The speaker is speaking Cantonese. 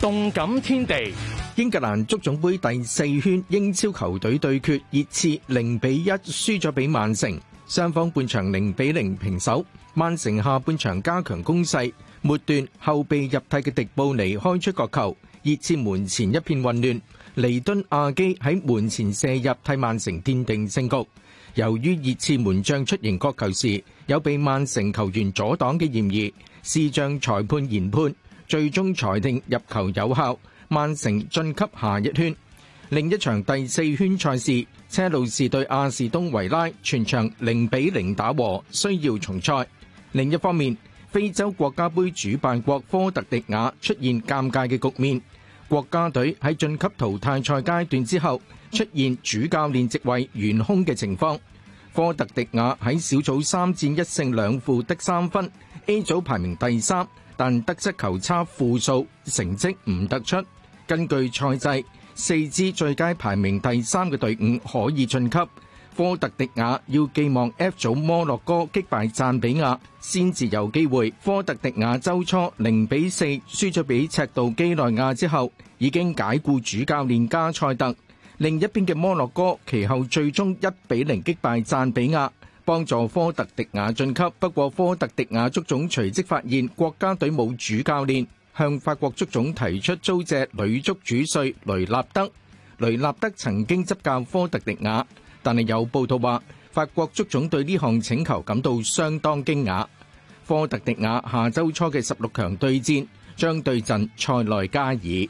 動感天地，英格蘭足總盃第四圈，英超球隊對決，熱刺零比一輸咗俾曼城。雙方半場零比零平手，曼城下半場加強攻勢，末段後備入替嘅迪布尼開出角球，熱刺門前一片混亂，尼敦阿基喺門前射入，替曼城奠定勝局。由於熱刺門將出迎角球時有被曼城球員阻擋嘅嫌疑，視像裁判研判。最終裁定入球有效，曼城晉級下一圈。另一場第四圈賽事，車路士對阿士東維拉，全場零比零打和，需要重賽。另一方面，非洲國家杯主辦國科特迪瓦出現尷尬嘅局面，國家隊喺晉級淘汰賽階段之後出現主教練席位懸空嘅情況。科特迪瓦喺小組三戰一勝兩負得三分，A 組排名第三，但得失球差負數，成績唔突出。根據賽制，四支最佳排名第三嘅隊伍可以晉級。科特迪瓦要寄望 F 組摩洛哥擊敗讚比亞先至有機會。科特迪瓦周初零比四輸咗畀赤道幾內亞之後，已經解僱主教練加塞特。另一邊嘅摩洛哥，其後最終一比零擊敗贊比亞，幫助科特迪瓦晉級。不過科特迪瓦足總隨即發現國家隊冇主教練，向法國足總提出租借女足主帥雷納德。雷納德曾經執教科特迪瓦，但係有報道話法國足總對呢項請求感到相當驚訝。科特迪瓦下周初嘅十六強對戰將對陣塞內加爾。